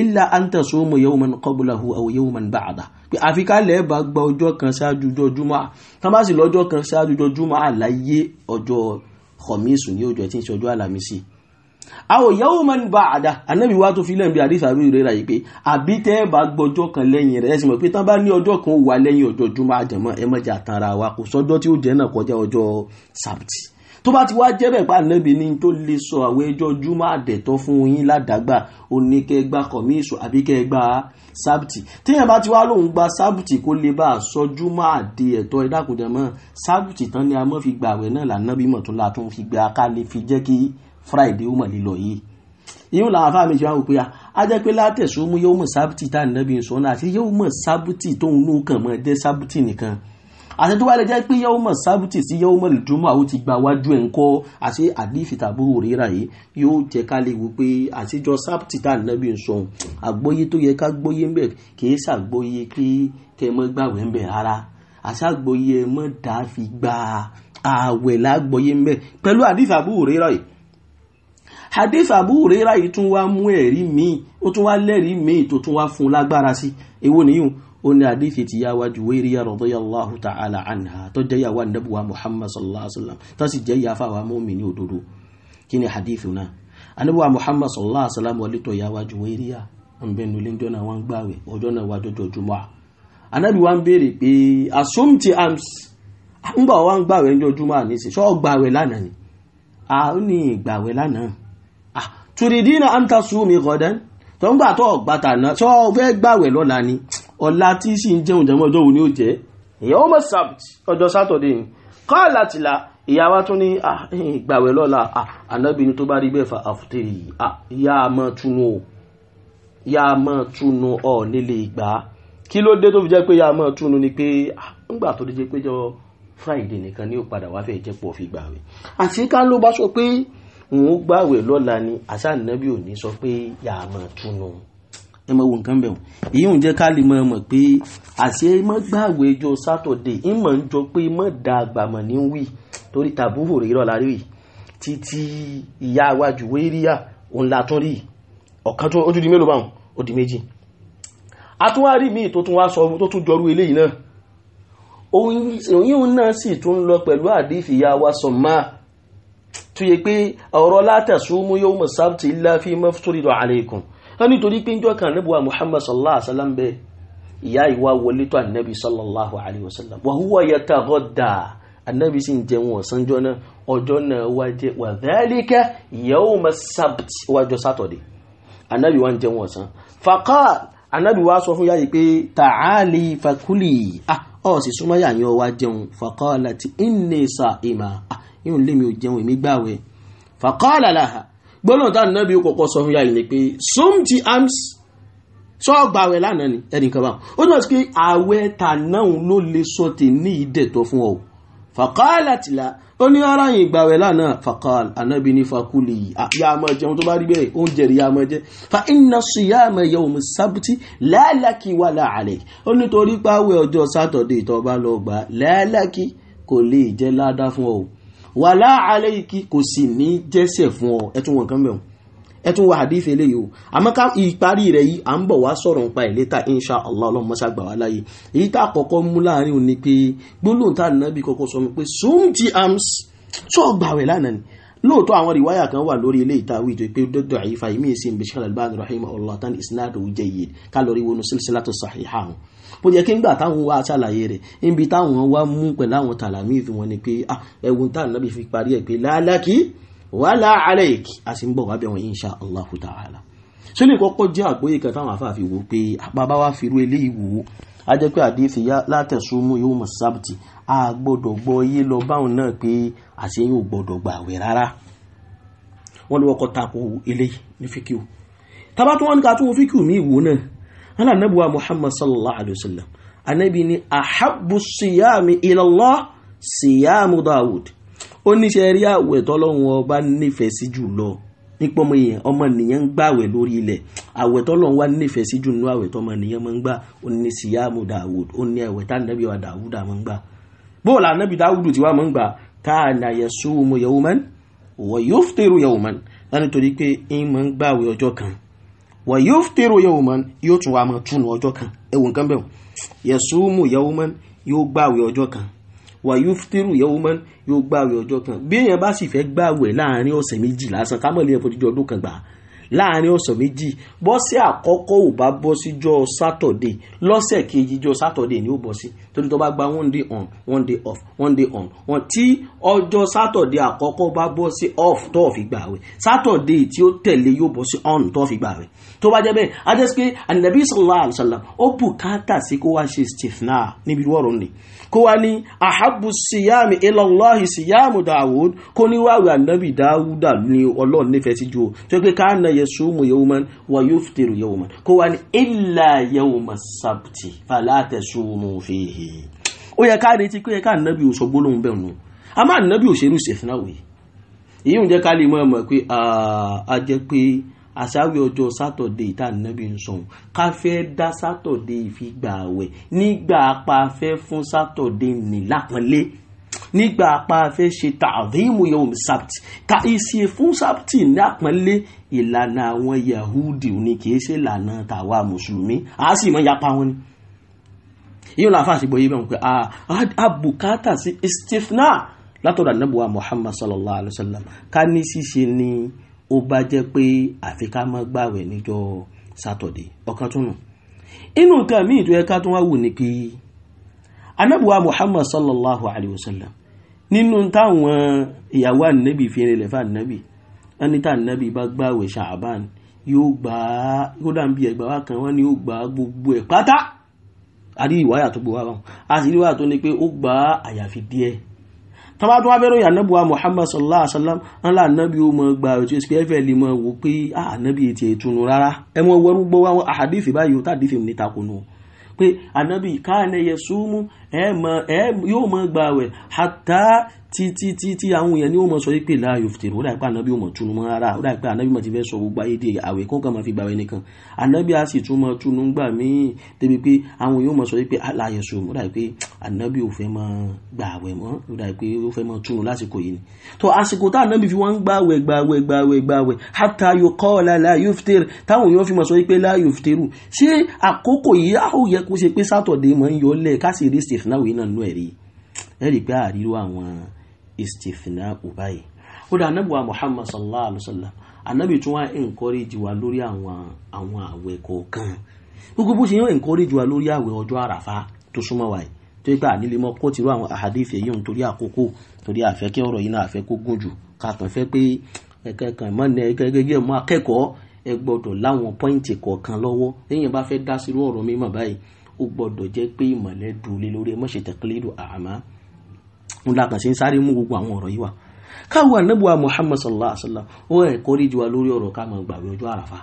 illa an tasumu yawman qablahu aw yawman ba'dahu àfi kálẹ̀ bá gba ọjọ́ kan ṣáájú ọjọ́ júmọ́ tán bá sì lọ́jọ́ kan ṣáájú ọjọ́ júmọ́ àlàyé ọjọ́ kọ̀mísùn ní ọjọ́ tí ń ṣe ọjọ́ àlàmísì àwọn ìyàwó máa ń ba àdá anábì wa tó fi lẹ́yìn bí àdìsá bí ìrẹ́ra yìí pé àbí tẹ́ ẹ bá gbọ́jọ́ kan lẹ́yìn rẹ̀ ẹ sì mọ̀ pé tán bá ní ọjọ́ kan wà lẹ́yìn ọjọ́ júmọ́ àjẹmọ́ ẹ mọ̀jà tanra wa kò sọ́jọ́ tí ó jẹ́ náà kọjá ọjọ́ sàbtì tó bá ti wá jẹ́bẹ̀ pa ànábì ní tó lè sọ àwọn ẹjọ́ júmọ́ àdẹ̀tọ́ fún yín ládàgbà ó ní kẹ́ gba kọ̀míìsù àbí kẹ́ gba sábìtì téèyàn bá ti wá lóun gba sábìtì kó lè bá a sọ júmọ́ àdé ẹ̀tọ́ ẹ̀dàkùnjẹ́ mọ́ sábìtì tán ni a mọ́ fi gba àwẹ̀ náà lànà bí mọ̀ tó la tún fi gba ká lè fi jẹ́ kí friday ó mọ̀ lílọ yìí ìyún làwọn afáàmì ìjọba wò pé a ah, a jẹ́ pé látẹ̀sùn mú yóò mọ̀ sábìtì tá ànábì ń sọ náà àti yóò mọ̀ sábìtì tóun ló kàn mọ́ jẹ́ sábìtì nìkan àti tó wá lè jẹ́ pé yẹ́wò mọ̀ sábùtì sí yẹ́wò mọ̀ lùdúmọ̀ àwọn ti gba wájú ẹ̀ ń kọ́ àti àdífì tàbí òrìrà yìí yóò jẹ́ ká lè wò pé àtijọ́ sábùtì tá ànábì ń sọ àgbọ́yé tó yẹ ká gbọ́yé ń bẹ̀ kì í ṣàgbọ́yé pé kẹ́ mọ́ gbàwẹ̀ ń bẹ̀ rárá àṣàgbọ́yé ẹ mọ́ dá fi gba àwẹ̀ lágbọ́yé ń bẹ̀ pẹ̀lú àdífì àbú yìí hadith abu yìí tún wá mú ẹ̀rí míì ó tún wá lẹ́rìí míì tó tún wá fún lágbára sí èwo nìyí ó ní àdífì ti yá wájú wéríyà radiyallahu ta'ala anha tó jẹ́ yàwó ànábùwà muhammad sallallahu alaihi wasallam tó sì jẹ́ yàfa wa mu'mini òdodo kí ni àdífì náà ànábùwà muhammad sallallahu alaihi wasallam wọlé tó yá wájú wéríyà ń bẹ́ẹ̀ nílé ńjọ́ náà wọ́n gbààwẹ̀ ọjọ́ náà wájú jọjúmọ́ ànábì wa ń béèrè pé asumti ams ńgbà wa ń gbààwẹ̀ ńjọ́ júmọ́ àníṣe ṣọ́ gbààwẹ̀ lánàá ni a ó ni ọ̀la tí sì ń jẹun jẹun ọjọ́ wo ni ó jẹ́ ìyá ọmọ sábìt ọjọ́ sátọ̀dé yìí kọ́ àlàtìlà ìyá wa tún ní gbàwẹ̀ lọ́la ànábìnrin tó bá rí bẹ́ẹ̀ fa àfùtẹ́rì ìyá àmọ́ túnú o ìyá àmọ́ túnú ọ̀ nílé ìgbà kí ló dé tó fi jẹ́ pé ìyá àmọ́ túnú ni pé ńgbà tó dé pé jọ friday nìkan ni ó padà wá fẹ́ jẹ́ pọ̀ fi gbàwẹ̀ àti ká ló bá sọ pé òun gbàwẹ̀ lọ́la ni àṣà ànábì ò ní sọ pé ìyá àmọ́ túnú ẹ mọ wo nǹkan bẹ̀ wọ́n èyí ń jẹ́ ká lè mọ̀ mọ̀ pé àṣé mọ́ gbàgbé ọjọ́ sátọ̀dé ìmọ̀ ń jọ pé mọ́ da àgbàmọ̀ ní wí torí tàbú hòrè rọ̀ lárí rì títí ìyá iwájú wéríyà òun la tún rí ọ̀kan tó ojú di mélòó báwọn ó di méjì atúwárí míì tó tún wá sọ tó tún jọrú eléyìí náà òyìn náà sì tún lọ pẹ̀lú àdífì ìyá wa sọ̀mà tó yẹ pé ọ̀rọ̀ látẹ̀sùmú yawma sabti illa fi mafturida alaykum wọ́n nítorí pé njọ́ kan níbo muhammad sallallahu alaihi wasallam bẹ́ẹ̀ ìyá ìwà wọlé tó ànábì sallallahu alaihi wasallam wa huwa yataghadda ànábì sì ń jẹun ọ̀sán jọ náà ọjọ́ náà wá jẹ wa dhalika yawm as-sabt wájọ́ sátọ̀dẹ̀ ànábì wá ń jẹun ọ̀sán faqal ànábì wá sọ fún yáyí pé ta'ali fakuli ah ọ̀ sì súnmọ́ yà yín ọ wá jẹun faqalati inni sa'ima ah yín ò mi ò jẹun èmi gbààwẹ̀ faqala laha gbọ́nà táwọn náà bí ó kọ́kọ́ sọ fún yá ìní pé somti arms sọ ọgbà àwẹ̀ lánàá ni ẹnìkan bá ó náà sí pé àwẹ̀ tànáà ló lè sọ tèmi ìdẹ̀tọ̀ fún ọ fàkàlà tìlà ó ní ara yìí gbàwẹ̀ lánàá fàkàlà ànábi ní fakuli yá máa jẹun tó bá rí bẹ́ẹ̀ oúnjẹ rí yá máa jẹ fa inna siyama yawmi sábùtì láàlákì wà láàlẹ̀ ó nítorí pàwẹ̀ ọjọ́ sátọ̀dẹ̀ tó bá lọ gbà láàlákì kò lè jẹ́ ládàá fún ọ wàlá alayki kò sì ní jẹ́sẹ̀ fún ọ ẹ̀tún wọn kan bẹ̀rù ẹ̀tún wọ hadith eléyìí o àmọ́ ká ìparí rẹ̀ yìí à ń bọ̀ wá sọ̀rọ̀ nípa ẹ̀ létà insha allah ọlọ́mọ ṣàgbà wá láyé èyí tá àkọ́kọ́ mú láàrin òní pé gbólóhùn tá ànábì kọ́kọ́ sọ pé sumti ams tó gbàwẹ̀ lánàá ni lóòótọ́ àwọn rìwáyà kan wà lórí ilé ìtawí tó pé dọ́dọ̀ àyífa ìmí ìsìn bishal albani rahimahullah tan isnadu jayyid kálọ̀rí wọnú silsilatu sahihahu bó jẹ́ kí ń gbà táwọn wá aṣàlàyé rẹ̀ níbi táwọn wá mú pẹ̀lú àwọn tàlàmì ìfún wọn ni pé ah, ẹ̀wùn táwọn náà fi parí ẹ̀ pé lálákì wàlá aláìkì a sì ń bọ̀ wábẹ̀ wọn insha Allahu ta'ala ṣé lè kọ́kọ́ jẹ́ àgbóyè kan táwọn afáàfi wò pé ah, àpábá wa fi rú eléyìí wò ó a jẹ́ pé àdéhìí látẹ̀sùmú yóò mọ̀ sábìtì a gbọ́dọ̀ gbọ́ yé lọ báwọn náà pé àṣẹ yóò gbọ́dọ̀ gbàwẹ̀ rárá wọ́n lọ́wọ́ tako eléyìí ní fíkìú tabatí ká tún fíkìú mi ìwò náà alanabuwa muhammad sallallahu alaihi wasallam anabi ni ahabu siyami ilallah siyamu dawud ó ní ṣe rí àwẹ̀ tọ́lọ́run ọba nífẹ̀ẹ́ sí jù lọ nípa ọmọ èèyàn ọmọ nìyẹn ń gbàwẹ̀ lórí ilẹ̀ àwẹ̀ tọ́lọ́run wá nífẹ̀ẹ́ sí jù nínú àwẹ̀ tọ́mọ nìyẹn máa ń gbà ó ní siyamu dawud ó ní àwẹ̀ tánàbí wa dawud máa ń gbà bóòlù anabi dawud ti wá máa ń gbà kana yasumu yawman wa yuftiru yawman láti torí pé ń máa ń gbàwẹ̀ ọjọ́ kan wọ́n yóò fèrò yẹ̀wò mọ́ yóò tún wá máa túnu ọjọ́ kan ẹ̀wò nǹkan bẹ́ẹ̀ yẹ̀sùmù yẹ̀wò mọ́ yóò gbàwé ọjọ́ kan wà yóò fìtírù yẹ̀wò yóò gbàwé ọjọ́ kan bí èèyàn bá sì fẹ́ gbàwé láàrin ọ̀sẹ̀ méjì lásán ká mọ̀ lè ọdún kan gbà láàrin ọ̀sẹ̀ méjì bọ́sẹ̀ àkọ́kọ́ ò bá bọ́ síjọ́ sátọ̀dé lọ́sẹ̀ kejì jọ sátọ̀dé ni ó bọ́ sí torí tó bá gba one day on one day off one day on one tí ọjọ́ sátọ̀dé àkọ́kọ́ bá bọ́ sí off tó fi gbà wẹ̀ sátọ̀dé tí ó tẹ̀lé yóò bọ́ sí on tó fi gbà wẹ̀ tó bá jẹ́ bẹ́ẹ̀ a jẹ́ pé ànàbí sallallahu alaihi wasallam ó bùkátà sí kó wá ṣe stefna níbi wọ́ọ̀rọ̀ ni kó wá ní ahabu siyami ilallahi siyamu dawud kó níwáwé ànàbí dáwúdà ní ọlọ́run nífẹ̀ẹ́ sí ju tó pé ká yasumu yawman wa yuftiru yawman kó wá ní illa yawma sabti fala tasumu fihi ó yẹ ká retí pé ká nàbí ò sọ gbólóhùn bẹ́ẹ̀ nù a máa nàbí òṣèlú ṣèfúnáwé èyí ń jẹ́ ká lè mọ̀ mọ̀ pé a jẹ́ pé àṣàwé ọjọ́ sátọ̀dé ìta nàbí ń sọ̀hún ká fẹ́ dá sátọ̀dé ìfigbà àwẹ̀ nígbà apá fẹ́ fún sátọ̀dé nì lápọ̀nlé nígbà apá afẹ́ ṣe ta'dhimu yawm sabt ta ìsìn fún sabt ní àpọ́nlé ìlànà àwọn yahudi ni kì í ṣe ìlànà tàwa mùsùlùmí a sì mọ yapa wọn ni yíò láfa àṣìgbò yìí bẹ́ẹ̀ pé àbùkátà sí istifna látọ̀dọ̀ anábùwà muhammad sallallahu alayhi wa sallam ká ní ṣíṣe ni ó bá jẹ́ pé àfi ká má gbàwẹ̀ níjọ́ sátọ̀dé ọ̀kan tún nù inú nǹkan míì tó yẹ ká tún wá wù ní pé anábùwà muhammad sallallahu alayhi wa sallam nínú táwọn ìyàwó ànábì fi rinlẹ̀ fún ànábì ẹni tá ànábì bá gbààwẹ̀ ṣàbán yóò gbà á kódà ń bí ẹgbà wá kan wọn ni ó gbà á gbogbo ẹ̀ pátá àrí ìwáyà tó gbé wá wọn a sì rí wáyà tó ní pé ó gbà á àyàfi díẹ̀ tọ́ba tó wá bẹ́rẹ̀ yà nábì wa Muhammad sallallahu alaihi wa sallam ńlá ànábì ó mọ gbà ètò ìsìnkú ẹ̀fẹ̀ lè mọ wò pé ah, ànábì ètò ìtùnú rárá ẹ mọ wọrú gbọ́ wá àhàdífì báyìí ó tàdífì ní takùnú pé ànábì káàní yẹ súnmú yóò mọ gba àwẹ̀ hàtà títí títí àwọn èèyàn ni ó mọ sọ pé láàyò fìtèrè ó dàgbà ànábì ó mọ túnú mọ rárá ó dàgbà ànábì mọ ti fẹ́ sọ gbogbo ayé dé àwẹ̀ kó kàn máa fi gbàwẹ̀ nìkan ànábì á sì tún mọ túnú gbà míì débi pé àwọn èèyàn mọ sọ pé láàyè sọ ó dàgbà pé ànábì ò fẹ́ mọ gba àwẹ̀ mọ́ ó dàgbà pé ó fẹ́ mọ túnú lásìkò yìí ni tó àsìkò tá anabi fi wọ́n ń gbàwẹ̀ gbàwẹ̀ gbàwẹ̀ gbàwẹ̀ hàtà yóò kọ́ ọ̀la láàyò fìtèrè táwọn èèyàn fi mọ sọ pé láàyò fìtèrè ṣé àkókò yìí á ò yẹ kó ṣe pé sátọ̀dé istifna yìí náà nú ẹ̀rí ẹ̀rí pé àríwá àwọn istifna ò báyìí ó dá anábì muhammad sallallahu alayhi wa sallam anábì tún wá encourage wa lórí àwọn àwọn àwẹ̀ kọ̀ọ̀kan gbogbo bó ṣe yàn encourage wa lórí àwẹ̀ ọjọ́ àràfà tó súnmọ́ wa yìí tó yẹ pé àní lè mọ kó tirú àwọn àhàdífì èyí òun torí àkókò torí àfẹ́ kí ọ̀rọ̀ yìí náà àfẹ́ kó gùn jù ká fẹ́ pé ẹ̀kẹ́kàn mọ́ ní ẹ̀kẹ́kẹ́ mọ́ akẹ́kọ̀ọ́ ẹ gbọ́dọ̀ láwọn pọ́ìntì kọ̀ọ̀kan lọ́wọ́ lẹ́yìn bá fẹ́ dá sírú ọ̀rọ̀ mímọ̀ báyìí ó gbọ́dọ̀ jẹ́ pé ìmọ̀lẹ́ dúró lórí ẹ má ṣe taqlidu a'ma ń la kàn sí ń sáré mú gbogbo àwọn ọ̀rọ̀ yìí wá káwọn anábùwà Muhammad sallallahu alaihi wa sallam ó encourage wa lórí ọ̀rọ̀ ká máa gbàwé ọjọ́ àràfà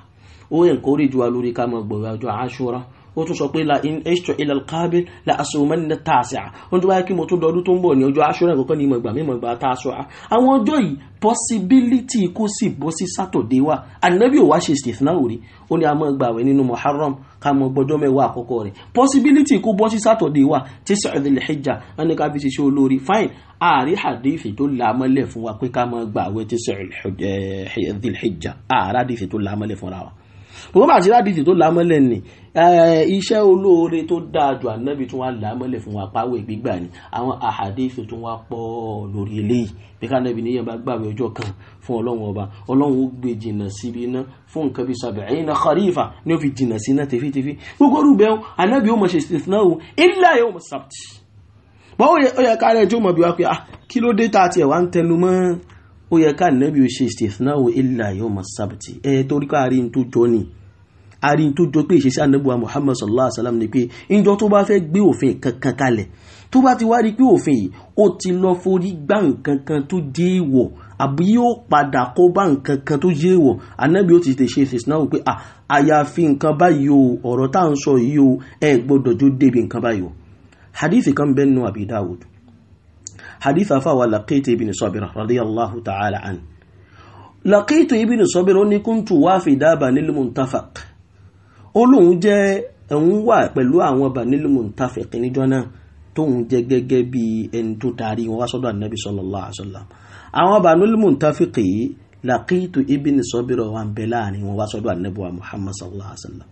ó encourage wa lórí ká máa gbàwé ọjọ́ àṣúrà ó tún sọ pé la in ishtu ila alqabil la asumanna tasi'a ó tún báyìí kí mo tún dọdún tó ń bọ̀ ní ọjọ́ aṣọ́ra ìkọ̀kọ́ ní ìmọ̀ ìgbà mímọ̀ ìgbà tá a àwọn ọjọ́ yìí possibility kó sì bọ́ sí sátọ̀dé wa ànábì ò wá ṣe ìsìtìfúnná òrí ó ní a máa gbàwẹ̀ nínú muharram ká mọ gbọ́jọ́ mẹ́wàá àkọ́kọ́ rẹ̀ possibility kó bọ́ sí sátọ̀dé wa tí sọ̀rọ̀dẹ̀lẹ̀ hijja wọn ni ká fi ṣiṣẹ́ olórí fine ààrí hadithi tó làmọ́lẹ̀ fún wa pé ká mọ gbàwẹ̀ tí sọ̀rọ̀dẹ̀lẹ̀ hijja ààrá hadithi tó làmọ́lẹ̀ fúnra wa wọ́n bá ti rádìtì tó lámọ́lẹ̀ ni iṣẹ́ olóore tó dáa jù ànábì tún wá lámọ́lẹ̀ fún wa páwẹ̀ gbígbà ni àwọn àhàdíìsì tún wá pọ̀ lórí eléyìí bí kánábì níyẹn bá gbàwé ọjọ́ kan fún ọlọ́run ọba ọlọ́run ó gbé jìnnà síbi iná fún nǹkan bíi sab'ina kharifa ni ó fi jìnnà sí iná tẹ́fítẹ́fí gbogbo rúbẹ́ ànábì ó mọ̀ ṣe ìsìnà illa yawm as-sabt bọ́wọ́ ó yẹ káàrẹ̀ tí ó mọ̀ bí wá pé ah, ó yẹ ká nẹ́bí o ṣe ìṣèṣináwó ilà yóò mọ sábàtì ẹ torí ká àárín tó jọ ni àárín tó jọ pé ìṣesí anábùwà muhammad sallallahu alayhi wa sallam ni pé ìjọ tó bá fẹ́ gbé òfin kankan kalẹ̀ tó bá ti wá rí pé òfin yìí ó ti lọ forí gbá nǹkan kan tó jẹ́ èèwọ̀ àbí yóò padà kó bá nǹkan kan tó jẹ́ èèwọ̀ anábì ó ti ṣe ìṣèṣináwó pé àyàfi nǹkan báyìí o ọ̀rọ̀ tá à ń sọ yìí o ẹ gbọ́dọ̀ jó débi nǹkan báyìí o hadith afáwà laqita ibn sabira radiyallahu ta'ala an laqita ibn sabira ó ní kuntu wafida banil muntafaq olóhun jẹ́ ẹ̀hún wà pẹ̀lú àwọn banil muntafaq níjọ́ náà tóhun jẹ́ gẹ́gẹ́ bí ẹni tó taari wọn wá sọ́dọ̀ anabi sallallahu alaihi wasallam àwọn banil muntafaq yìí laqitu ibn sabira wà ń bẹ láàrin wọn wá wa muhammad sallallahu alaihi wasallam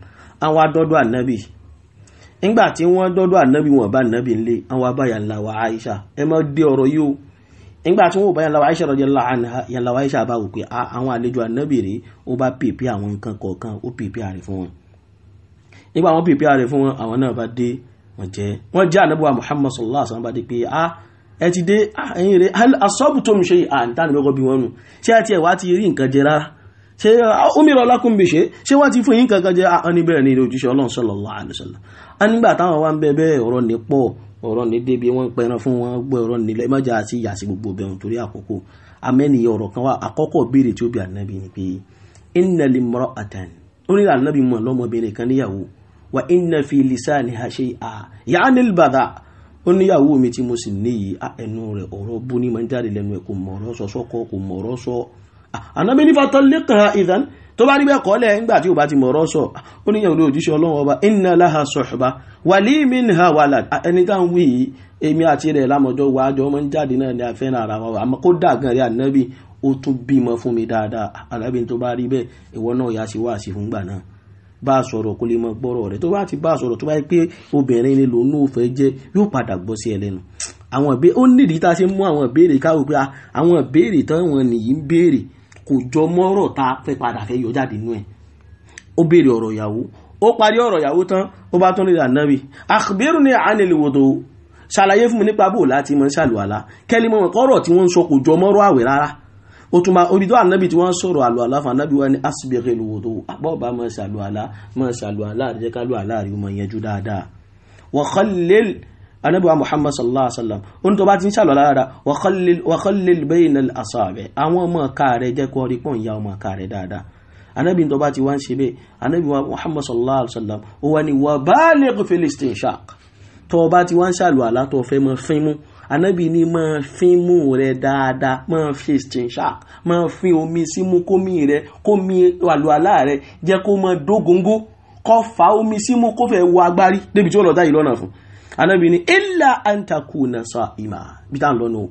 àwọn adọ́dọ̀ anabi nígbà tí wọ́n dọ́dọ̀ ànábì wọn bá ànábì ńlé àwọn abáyà ńlá wa Aisha ẹ mọ́ dé ọ̀rọ̀ yìí o nígbà tí wọ́n bá yànlá wa Aisha radiyallahu anha yànlá wa Aisha bá wò pé àwọn àlejò ànábì rèé ó bá pèpè àwọn nǹkan kọ̀ọ̀kan ó pèpè àrè fún wọn nígbà wọn pèpè àrè fún wọn àwọn náà bá dé wọn jẹ wọn jẹ ànábì wa Muhammad sallallahu alaihi wasallam bá dé pé ẹ ti dé ẹyin rẹ asọ́bùtòmùṣe Ah, ṣe omírọ̀ lákùnbí ṣe ṣe wá ti fún yín kankan jẹ́ àníbẹ̀rẹ̀ ah, ní ilé òjíṣẹ́ ọlọ́run sallallahu alaihi wasallam a nígbà táwọn wá ń bẹ bẹ́ẹ̀ ọ̀rọ̀ ní pọ̀ ọ̀rọ̀ ní débi wọ́n ń pẹran fún wọn gbọ́ ọ̀rọ̀ nílẹ̀ mọ́jà àti ìyà sí gbogbo bẹ̀rùn torí àkókò amẹ́niyẹ ọ̀rọ̀ kan wá àkọ́kọ́ béèrè tí ó bí ànábì ni pé inna limra'atan ó ní ànábì mọ̀ lọ́mọbìnrin kan níyàwó wa inna fi lisaniha shay'a ya'ni al-badha ó níyàwó mi tí mo sì níyì ah, ẹnu rẹ̀ ọ̀rọ̀ bú ní mọ́ jáde lẹ́nu ẹ̀ kò mọ̀ ọ̀rọ̀ sọ sọ́kọ kò mọ̀ ọ̀rọ̀ sọ ànábì ní fatalliqha idhan tó bá níbẹ̀ kọ́lẹ̀ ńgbà tí ò bá ti mọ̀rọ̀ sọ ó ní ìyàwó òjíṣẹ́ ọlọ́run ọba inna laha suhba wa li minha walad ẹni tá ń wí yìí èmi àti rẹ̀ lámọjọ́ wa àjọ ọmọ ń jáde náà ní afẹ́ràn ara wa àmọ́ kó dà gan rí ànábì ó tún bímọ fún mi dáadáa ànábì tó bá rí bẹ́ẹ̀ ìwọ náà yà sí wáàsí fún gbà náà bá sọ̀rọ̀ kó lè mọ gbọ́rọ̀ rẹ̀ tó bá ti bá sọ̀rọ̀ tó bá pé obìnrin ni lòun náà fẹ́ jẹ́ yóò padà gbọ́ sí ẹ lẹ́nu àwọn ìbéèrè ó nídìí tá a ṣe mú àwọn ìbéèrè káwọ́ pé ah, àwọn ìbéèrè táwọn nìyí ń béèrè kò jọ mọ́rọ̀ tá a fẹ́ padà fẹ́ yọ jáde nú ẹ̀ ó béèrè ọ̀rọ̀ ìyàwó ó parí ọ̀rọ̀ ìyàwó tán ó bá tún rí ànábì àkbírù ní àánilè wòdò ṣàlàyé fún mi nípa bò láti mọ̀ ṣàlùwàlá kẹ́lí mọ̀ kọ́rọ̀ tí wọ́n ń sọ kò jọ mọ́rọ̀ àwẹ̀ rárá ó tún máa orí ànábì tí wọ́n sọ̀rọ̀ àlùwàlá fún ànábì wa ní asibẹ̀rẹ̀ anábíwá muhammad sallallahu alaihi wa sallam ohun tó bá ti ń ṣàlọ́ lára wa khallil bayna al-asabi' àwọn ọmọ ọ̀ka rẹ̀ jẹ́ kó rí pọ̀n ya ọmọ ọ̀ka rẹ̀ dáadáa anábì tó bá ti wá ń ṣe bẹ́ẹ̀ anábíwá muhammad sallallahu alaihi wa sallam ó wá ní wa baligh fil istinshaq tó bá ti wá ń ṣàlọ́ àlá tó fẹ́ mọ́ fín mú anabi ni máa fín mú rẹ dáadáa máa fi stinshak máa fi omi símú kómi rẹ kómi àlùalá rẹ jẹ́ kó máa dógóńgó kó fa omi símú kó fẹ́ wọ agbárí débi tí ó lọ dá yìí lọ́nà fún anábì ní ilà àǹtakù náà sọ ìmà bí táwọn lọ́nà o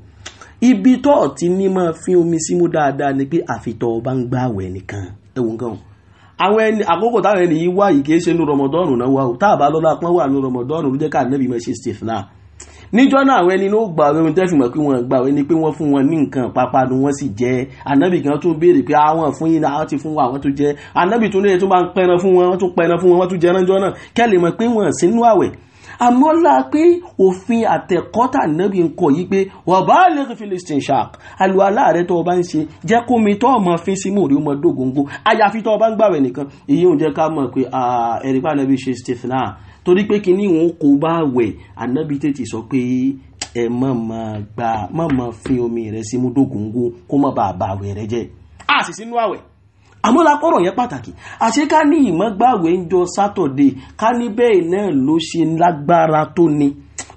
ibi tó ti ní máa fi omi símú dáadáa ni pé àfitọ́ ọba ń gbààwẹ̀ nìkan ẹ̀wọ̀n kan àwọn ẹni àkókò táwọn ẹni yìí wá yìí kì í ṣe inú rọmọdọ́ọ̀nù náà wá o tá a bá lọ́la pọ́n wà ní rọmọdọ́ọ̀nù ló jẹ́ ká ànábì máa ṣe steve náà níjọ́ náà àwọn ẹni ló gbà wẹ́n tẹ́ fìmọ̀ pé wọ́n gbà wẹ́n ni pé wọ́n fún wọn ní nǹkan pápánu wọ́n sì jẹ́ anábì kan tún béèrè pé àwọn ah, fún yín náà ti fún wa àwọn tó jẹ́ anábì tún lè tún bá ń fún wọn wọ́n tún pẹran fún wọn wọ́n tún jẹran jọ náà kẹ́lẹ̀ mọ̀ pé wọ́n sínú àwẹ̀ àmọ́ la pé òfin àtẹ̀kọ́tà nẹ́bí ń kọ yí pé wà bá lè rí philistine shark àlùwàlá rẹ tó o bá ń ṣe jẹ́ kó mi tó ọmọ fi símú rí ọmọ dógóńgó àyàfi tó o bá ń gbàwẹ̀ nìkan èyí ò jẹ́ ká mọ̀ pé ẹ̀rí pa nẹ́bí ṣe stefana torí pé kíní wọn kò bá wẹ̀ ànábì tètè sọ pé ẹ mọ̀ mọ̀ gbà mọ̀ mọ̀ fi omi rẹ̀ símú dógóńgó kó mọ̀ bàbá àwẹ̀ rẹ jẹ́ àṣìṣínú àwẹ̀ àmúlápọ̀rọ̀ yẹn pàtàkì àṣé ká ní ìmọ̀gbàwé ń jọ sátọ̀dé ká ní bẹ́ẹ̀ náà ló ṣe lágbára tó ni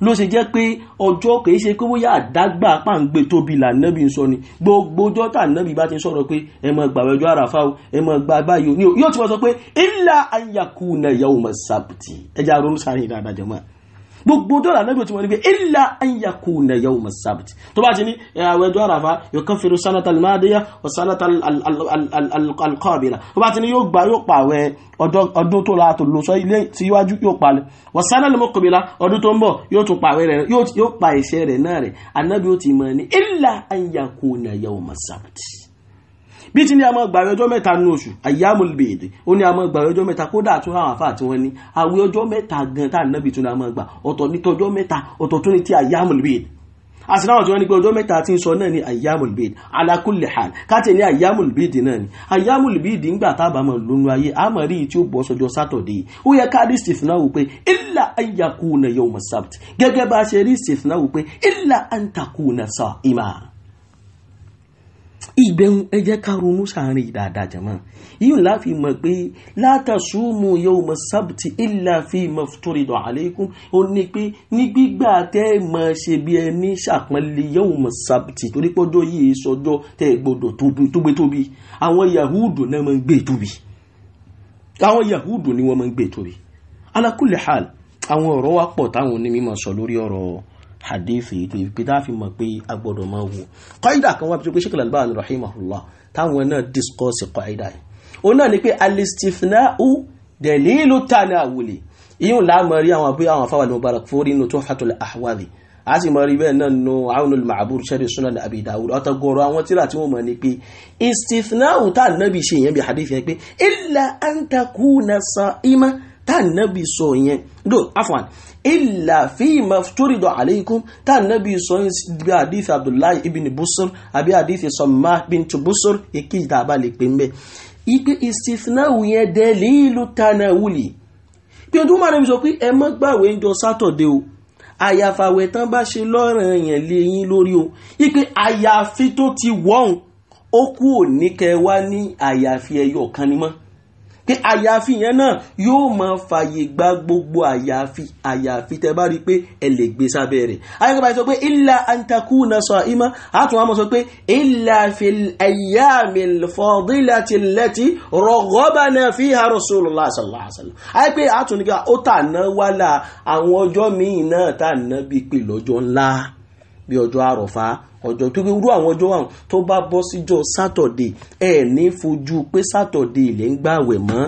ló ṣe jẹ́ pé ọjọ́ kìí ṣe pé bóyá àdágbà pàǹgbé tóbi lànàbí ń sọ ni gbogbo ọjọ́ tà nàbí bá ti ń sọ̀rọ̀ pé ẹ má gbàwé ọjọ́ àràfà o ẹ má gbà báyìí o yóò ti wọ́n sọ pé illa an yakuna yawma sabti ẹja ronú sáré dáadáa jẹ́ mọ́ gbogbo dọ́là náà bí o ti wọ́n ní pé illa an yakuna yawm as-sabt tó bá ti ní àwọn ẹjọ́ àràfà yukaffiru sanata al-madiya sanata al tó bá ti ní yóò gba yóò pa àwẹ̀ ọdún tó la tó lọ sọ ilé tí iwájú yóò palẹ̀ wa sanata al ọdún tó ń bọ̀ yóò tún pa àwẹ̀ rẹ̀ yóò pa ìṣe rẹ̀ náà rẹ̀ anábì ó ti mọ̀ ní illa an yakuna yawm as bí ti ní a máa gbààwẹ̀ ọjọ́ mẹ́ta nínú oṣù ayyamul bid ó ní a máa gbààwẹ̀ ọjọ́ mẹ́ta kódà tún àwọn àfáà tí wọ́n ní àwẹ̀ ọjọ́ mẹ́ta gan tá ànábì tún ní a máa gbà ọ̀tọ̀ ní tọjọ́ mẹ́ta ọ̀tọ̀ tún ní ti ayyamul bid àsìláwọ̀ tí wọ́n ní pé ọjọ́ mẹ́ta tí ń sọ náà ni ayyamul bid ala hal káàtì ní ayyamul náà ni ayyamul bid ńgbà tábà mọ̀ lónú ayé àmọ́ rí tí ó bọ́ sọjọ́ sátọ̀dé ó yẹ ká rí wò pé illa an yakuna yawm as-sabt gẹ́gẹ́ bá a ṣe rí steve náà wò pé illa an takuna sa'ima ìgbẹ̀hùn ẹ jẹ́ ká ronú sàárín dáadáa jẹ̀mọ́ yìí láfi mọ̀ pé látàṣùmù yawma sábtì illa fi mafturida alaykum ó ní pé ní gbígbà tẹ́ ẹ mọ̀ ṣe bí ẹni ṣàpọ́nlé yawma sábtì torí pọ́jọ́ yìí sọjọ́ tẹ́ ẹ gbọ́dọ̀ tóbi tóbi àwọn yahudu náà máa ń gbé tóbi àwọn yahudu ni wọ́n máa ń gbé tóbi ala kulli àwọn ọ̀rọ̀ wa pọ̀ táwọn onímọ̀ sọ lórí ọ̀rọ̀ hadith yìí tó pé tá a fi mọ̀ pé a gbọ́dọ̀ máa wò kọ́ìdà kan wá pé Sheikh Al-Albani rahimahullah táwọn náà discourse kọ́ìdà yìí òun náà ni pé al-istifna'u dalilu tanawuli ìyún láàmọ̀ rí àwọn àbúyá àwọn afáwà ní Mubarakfuri nínú Tuhfatul Ahwadhi a sì mọ̀ rí bẹ́ẹ̀ náà nù Awnul Ma'bur Sharh Sunan Abi Dawud ọ̀tọ̀gọ̀rọ̀ àwọn tíra tí wọ́n mọ̀ ní pé istithna'u tá nàbì ṣe yẹn bí hadith yẹn pé illa an takuna sa'ima tá nàbì sọ yẹn do afwan illa fi mafturidu alaykum ta nabi sọ bí hadith abdullahi ibn busr àbí hadith samma bint busr èkejì tá a bá lè pè ń bẹ ipe istithnawu yẹn dalilu tanawuli bí ojú máa rẹ̀ sọ pé ẹ má gbàwé ń jọ sátọ̀dẹ̀ o àyàfàwẹ̀ tán bá ṣe lọ́ràn yẹn lé yín lórí o ipe àyàfi tó ti wọ́n ó kú òní kẹ wá ní àyàfi ẹyọ kan ni mọ́ pé àyàfi yẹn náà yóò máa fààyè gba gbogbo àyàfi àyàfi tẹ bá rí i pé ẹ lè gbé sábẹ́ rẹ̀ ayọ́kọ̀bá sọ pé illa antakuna sa'ima àtún wọn sọ pé illa fil ayyamil fadilati allati raghhabana fiha rasulullah sallallahu alaihi wasallam ayé pé àtún ó tà ná wàhálà àwọn ọjọ́ míì náà tà ná bíi pè lọ́jọ́ ńlá bí ọjọ́ àrọ̀fá ọjọ́ tó irú àwọn ọjọ́ àwọn tó bá bọ́ síjọ́ sátọ̀dé ẹ̀ ní fojú pé sátọ̀dé ilẹ̀ ń gbààwẹ̀ mọ́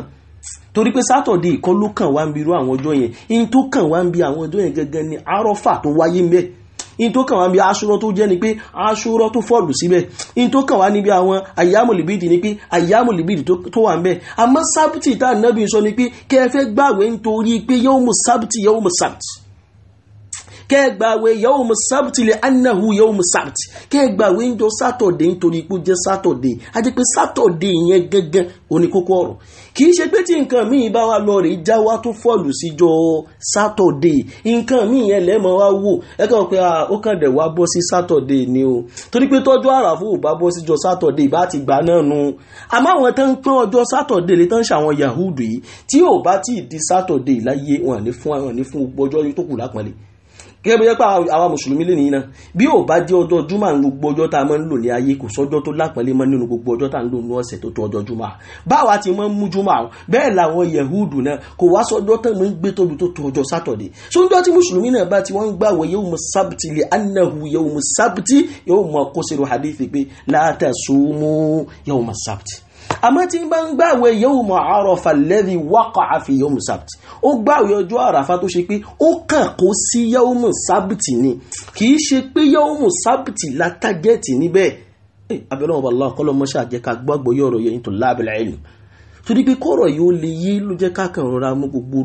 torí pé sátọ̀dé ìkọ́ ló kàn wá ń bi irú àwọn ọjọ́ yẹn in tó kàn wá ń bi àwọn ọjọ́ yẹn gẹ́gẹ́ ni àrọ́fà tó wáyé mẹ́ in tó kàn wá ń bi aṣúrọ́ tó jẹ́ ni pé aṣúrọ́ tó fọ́ọ̀lù síbẹ̀ in tó kàn wá níbi àwọn àyámùlìbìdì ni pé àyámùlìbìdì tó wà ń bẹ̀ àmọ́ sábìtì tá ànábì sọ ni pé kẹ́ ẹ fẹ́ gbàwé pé yóò mú sábìtì yóò mú sábìtì kẹ́ gbàwé yawm sábtì lè anahu yawm sábtì kẹ́ gbàwé ń jọ sátọ̀dé nítorí pé ó jẹ́ sátọ̀dé a jẹ́ pé sátọ̀dé yẹn gẹ́gẹ́ òní kókó kì í ṣe pé tí nǹkan míì bá wa lọ rè já wa tó fọ́ọ̀lù síjọ sátọ̀dé nǹkan míì yẹn lẹ́mọ̀ wá wò ẹ kàn pé ah, ó kàn dẹ̀ wá bọ́ sí sátọ̀dé ni o torí pé tọ́jú àràfo ò bá bọ́ síjọ sátọ̀dé ìbá ti gbà náà nu àmọ́ àwọn tó ń pín ọjọ́ sátọ̀dé lè tán ṣàwọn yahudu yìí tí ò bá tí ì di sátọ̀dé láyé wọn ní fún wọn ní fún gbọ́jọ́ tó kù lápọ̀nlé gẹ́gẹ́ bí jẹ́ pé àwa mùsùlùmí lè nìyí náà bí ò bá jẹ́ ọjọ́ júmà ní gbogbo ọjọ́ tá a máa ń lò ní ayé kò sọ́jọ́ tó lápẹ́lẹ́ mọ́ nínú gbogbo ọjọ́ tá a ń lò ní ọ̀sẹ̀ tó tó ọjọ́ júmà báwa ti máa ń mú júmà o bẹ́ẹ̀ làwọn yẹ̀húdù náà kò wá sọ́jọ́ tó ń gbé tóbi tó tó ọjọ́ sátọ̀dẹ̀ so tí mùsùlùmí náà bá ti wọ́n gbà wọ yawmu li annahu yawmu sábtì yawmu kó sínú hadith la tasumu yawmu sábtì àmọ́ tí bá ń gbàwẹ̀ yawmu Arafa alladhi waqa'a fi yawmi sabt ó gbàwẹ̀ ọjọ́ àràfà tó ṣe pé ó kàn kó sí yawmu sabt ni kì í ṣe pé yawmu sabt la tágẹ́ẹ̀tì níbẹ̀ abẹ́rẹ́ ọba allah kọ́lọ́ mọ́ṣá jẹ́ ká gbàgbọ́ yọ̀rọ̀ yẹn tó lábẹ́lẹ́ ẹ̀lú torí pé kọ́rọ̀ yìí ó le yé ló jẹ́ ká mú gbogbo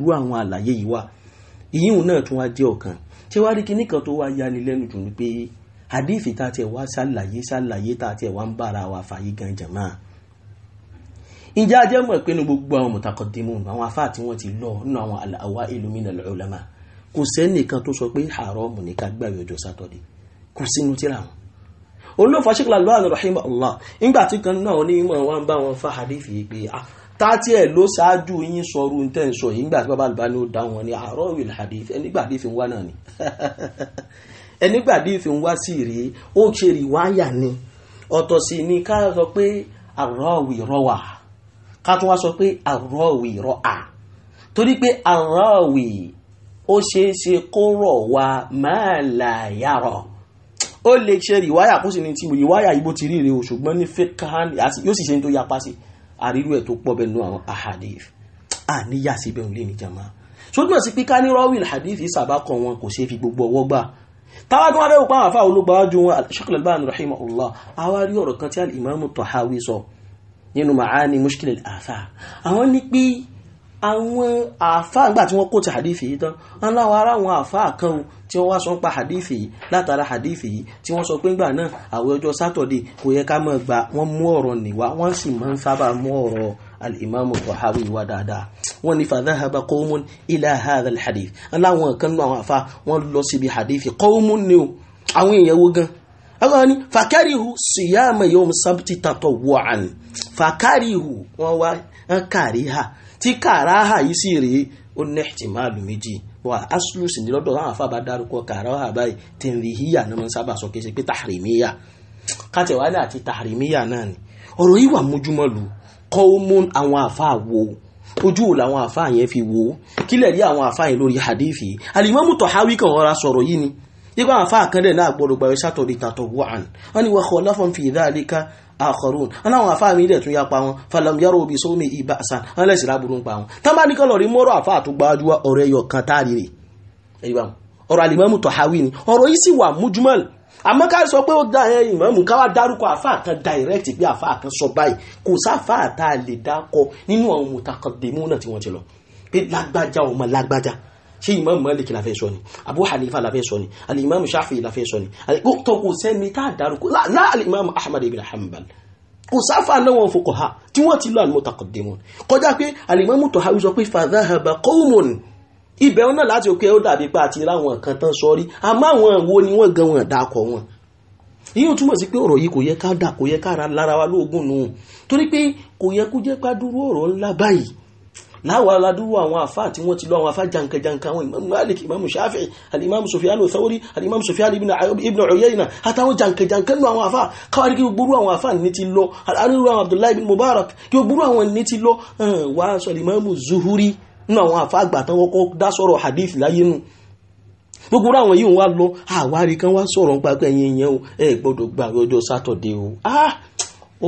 orú ǹjẹ́ ajẹ́ mọ̀ pé ní gbogbo àwọn mutaqaddimun àwọn afá tí wọ́n ti lọ nínú àwọn al-awailu minal ulama kò sẹ́nìkan tó sọ pé haram ní ká gbààwẹ̀ ọjọ́ sátọ̀dé kò sínú tíra wọn olóòfà ṣíkìlá lọ́wọ́ rahim allah nígbà tí kan náà ní ìmọ̀ wọn bá wọn fa hadith yìí pé ah, tátí ẹ̀ ló ṣáájú yín sọrú ń tẹ́ ń sọ yìí nígbà tí bàbá àlùbá ní ó dá wọn ní àrọ́wìl hadith ẹnigbà <laughs> ọ̀tọ̀ sí ni ká sọ pé àrọ́wì rọ́wà ká tún wá sọ pé àrọ́wì rọ́ à torí pé àrọ́wì ó ṣeéṣe kó rọ̀ wá máa là yàrọ̀ ó lè ṣe rìwáyà kó sì ní tí mo rìwáyà yìí bó ti rí rèé o ṣùgbọ́n ní fẹ́kàn àti yóò sì ṣe ní tó yapa sí àrírú tó pọ̀ bẹ́ẹ̀ nú àwọn ahadif àníyà síbẹ̀ òun lè ní ṣùgbọ́n sí pé ká ní rọ́wìl hadith ìsàbákan wọn kò ṣe fi gbogbo ọwọ́ gbà táwájú wọn bẹ́ẹ̀ pa àwọn àfáà olóògbà wájú wọn Shaykh Al-Albani rahimahullah àwárí ọ̀rọ̀ kan tí al-Imam Tahawi sọ nínú ma'ani mushkilil àfà àwọn ní pé àwọn àfà ńgbà tí wọ́n kó ti hadithi yìí tán wọ́n láwọn ará àwọn àfà kan tí wọ́n wá sọ pa hadithi yìí látara hadithi yìí tí wọ́n sọ pé ńgbà náà àwọn ọjọ́ sátọ̀dé kò yẹ ká máa gbà wọ́n mú ọ̀rọ̀ nìwá wọ́n sì máa ń sábà mú ọ̀rọ̀ al'imamu buhari wa dáadáa wọ́n ní fàdáhàbà kọ́wọ́n ilá hadal hadith aláwọn kan náà àwọn àfà wọ́n lọ síbi hadithi kọ́wọ́n ni àwọn èèyàn wo gan ọlọ́run ní fàkẹ́rìhù síyáàmù yóò mú sábìtì tàtọ̀ wọ̀ àn fàkẹ́rìhù wọn wá kàríhà tí kàráhà yìí sì rèé ó ní ẹ̀tìmáàlù méjì wà áṣùlù sì ní lọ́dọ̀ àwọn afábá dárúkọ kàráhà báyìí tí ń rí híyà náà mọ́ sábà sọ kéṣe pé tàhìrìmíyà kátẹ̀wálé àti tàhìrìmíyà náà ni ọ̀rọ̀ yìí wà mójúmọ́ lu kọ́ọ́mọ́n àwọn àfáà wo ojú ò làwọn àfáà yẹn fi wo kílẹ̀ rí àwọn àfáà yẹn lórí hadithi alimamu tọ̀háwí kan ọ̀rá sọ̀rọ̀ yìí ni yípa àwọn afáà kan dẹ̀ náà gbọ́dọ̀ gbàwẹ̀ sátọ̀dẹ̀ tàtọ̀ wọ́n wọ́n ni wọ́n kọ́ lọ́fọ̀n fi dhalika akharun wọ́n àwọn afáà mi dẹ̀ tún yapa wọn falam yàrá òbí sómi ibà sàn wọ́n lẹ̀sìn láburú ń pa wọn tán bá ní kọ́ lọ́rí mọ́rọ̀ afáà tó gbájú ọ̀rọ̀ ẹyọ kan táàrí rè ọ̀rọ̀ alimami tọ̀háwí ni ọ̀rọ̀ yìí sì wà mújúmọ́lì àmọ́ ká sọ pé ó dá ẹ ìmọ̀ọ́mù ká wá dárúkọ àfáà kan direct pé àfáà kan sọ báyìí kò sáfáà tá lè dákọ nínú àwọn mùtàkàdémù náà tí wọ́n ti lọ pé lágbájá ọmọ lágbájá ṣé imam malik la fẹ́ sọ ni abu hanifa la fẹ́ sọ ni alimami shafi la fẹ́ sọ ni tó kò sẹ́ni tá a dárúkọ láàlì imam ahmad ibn hanbal kò sáfà náwọn fuqaha tí wọ́n ti lọ al-mutaqaddimun kọjá pé alimami tahawi sọ pé fa dhahaba qawmun ibẹ̀ náà láti òkè ó dàbí pé àti ráwọn kan tán sọrí àmọ́ àwọn wo ni wọ́n gan wọn dákọ̀ wọn yíò túmọ̀ sí pé ọ̀rọ̀ yìí kò yẹ ká dà kò yẹ ká lára wa lóògùn nù torí pé kò yẹ kó jẹ́ pá ọ̀rọ̀ ńlá báyìí láwa aládùúgbò àwọn àfáà tí wọ́n ti lọ àwọn àfáà jankajanka àwọn imam malik imam shafi alimam sufyan thawri alimam sufyan ibn ibn uyayna àtàwọn jankajanka nù àwọn àfáà káwárí kí gbogbo àwọn àfáà ní ti lọ alárúurú àwọn abdullahi ibn mubarak kí gbogbo àwọn ní ti lọ wá sọ imam zuhuri nù àwọn àfáà àgbà tán kọ́kọ́ dá sọ̀rọ̀ lọ àwárí ah, kan wá sọ̀rọ̀ nípa pé ẹ̀yin èèyàn ẹ gbọ́dọ̀ gbààwẹ̀ ọjọ́ sátọ̀dé o ah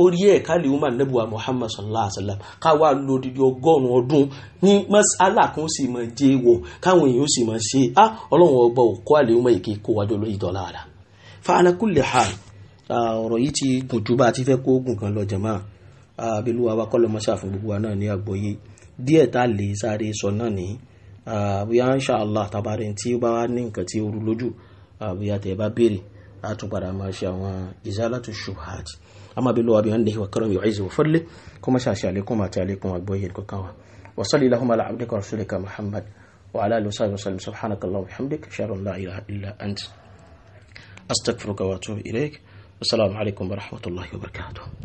orí ẹ̀ káàlì umar nebuwa muhammad sallallahu alaihi wa sallam káwa lo didi ọgọ́rùn ọdún ní masala kan sì máa jẹ́ wọ káwọn èèyàn sì máa ṣe á ah, ọlọ́run ọba òkú àlè umar èké kó wájú lórí ìdọ́lá ara fa ala kulli hal ah, ọ̀rọ̀ yìí ti gùn jù bá a ti fẹ́ kó gùn kan lọ jàmá ah, abiluwa wa kọ́ lọ́mọṣà fún gbogbo wa náà ní àgbọ́yé díẹ̀ tá lè sáré sọ náà ní bóyá insha Allah tabarin tí ó bá ní nǹkan tí ó rú lójú bóyá tẹ̀ bá béèrè a máa ṣe àwọn ìzálàtú ṣubhat أما بالله بأنه وكرم يعز وفضله كما شاء عليكم وتعليكم وأبوه الكوكاوة وصل لهم على عبدك ورسولك محمد وعلى آله وصحبه وسلم سبحانك اللهم وبحمدك أشهد أن لا إله إلا أنت أستغفرك وأتوب إليك والسلام عليكم ورحمة الله وبركاته